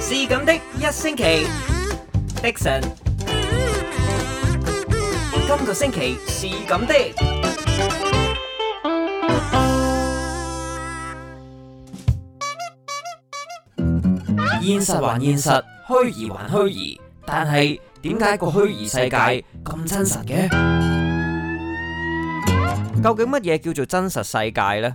是咁的一星期，Dixon。今個星期是咁的，現實還現實，虛擬還虛擬，但係，點解個虛擬世界咁真實嘅？究竟乜嘢叫做真實世界呢？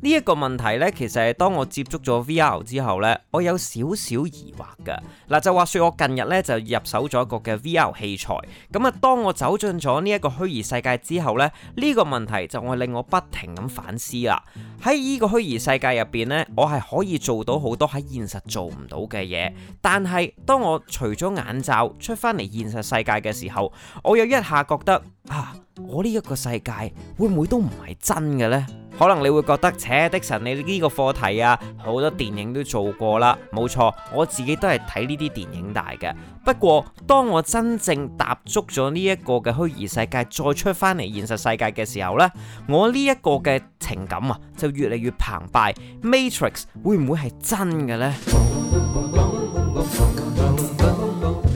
呢一個問題呢，其實係當我接觸咗 VR 之後呢，我有少少疑惑噶。嗱、啊，就話說我近日呢就入手咗一個嘅 VR 器材，咁啊，當我走進咗呢一個虛擬世界之後呢，呢、呢個問題就會令我不停咁反思啦。喺呢個虛擬世界入邊呢，我係可以做到好多喺現實做唔到嘅嘢，但係當我除咗眼罩出翻嚟現實世界嘅時候，我又一下覺得啊。我呢一個世界會唔會都唔係真嘅呢？可能你會覺得，扯，迪燊，ixon，你呢個課題啊，好多電影都做過啦。冇錯，我自己都係睇呢啲電影大嘅。不過當我真正踏足咗呢一個嘅虛擬世界，再出翻嚟現實世界嘅時候呢，我呢一個嘅情感啊，就越嚟越澎湃。Matrix 會唔會係真嘅呢？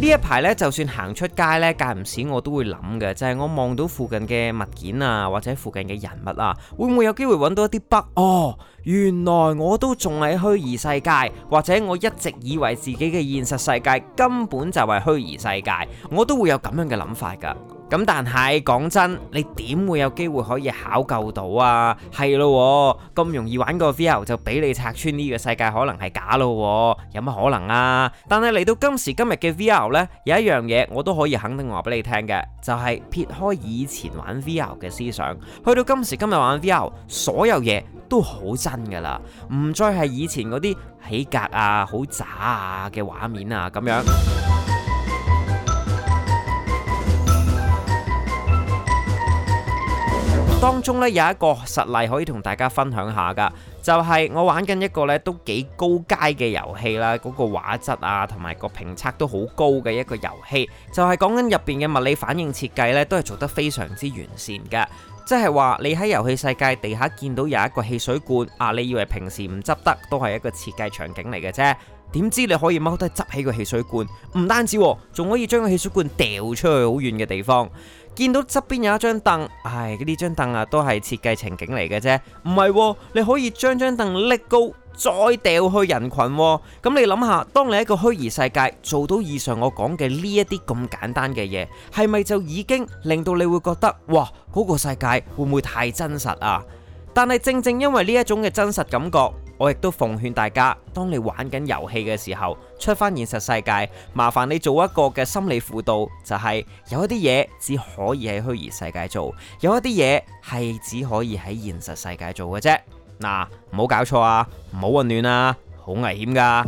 一呢一排咧，就算行出街咧，間唔時我都會諗嘅，就係、是、我望到附近嘅物件啊，或者附近嘅人物啊，會唔會有機會揾到一啲北？哦，原來我都仲係虛擬世界，或者我一直以為自己嘅現實世界根本就係虛擬世界，我都會有咁樣嘅諗法噶。咁但係講真，你點會有機會可以考究到啊？係咯，咁容易玩個 VR 就俾你拆穿呢個世界可能係假咯，有乜可能啊？但係嚟到今時今日嘅 VR 呢，有一樣嘢我都可以肯定話俾你聽嘅，就係撇開以前玩 VR 嘅思想，去到今時今日玩 VR，所有嘢都好真㗎啦，唔再係以前嗰啲起格啊、好渣啊嘅畫面啊咁樣。當中咧有一個實例可以同大家分享下噶，就係我玩緊一個咧都幾高階嘅遊戲啦，嗰個畫質啊，同埋個評測都好高嘅一個遊戲，就係講緊入邊嘅物理反應設計咧，都係做得非常之完善噶。即係話你喺遊戲世界地下見到有一個汽水罐，啊你以為平時唔執得都係一個設計場景嚟嘅啫，點知你可以踎低執起個汽水罐，唔單止，仲可以將個汽水罐掉出去好遠嘅地方。見到側邊有一張凳，唉，呢張凳啊都係設計情景嚟嘅啫，唔係喎，你可以將張凳拎高，再掉去人羣喎。咁你諗下，當你喺個虛擬世界做到以上我講嘅呢一啲咁簡單嘅嘢，係咪就已經令到你會覺得，哇，嗰個世界會唔會太真實啊？但係正正因為呢一種嘅真實感覺。我亦都奉勸大家，當你玩緊遊戲嘅時候，出翻現實世界，麻煩你做一個嘅心理輔導，就係、是、有一啲嘢只可以喺虛擬世界做，有一啲嘢係只可以喺現實世界做嘅啫。嗱、啊，唔好搞錯啊，唔好混亂啊，好危險㗎。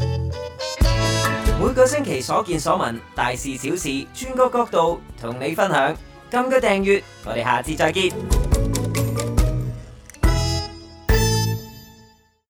每個星期所見所聞，大事小事，轉個角度同你分享。撳個訂閱，我哋下次再見。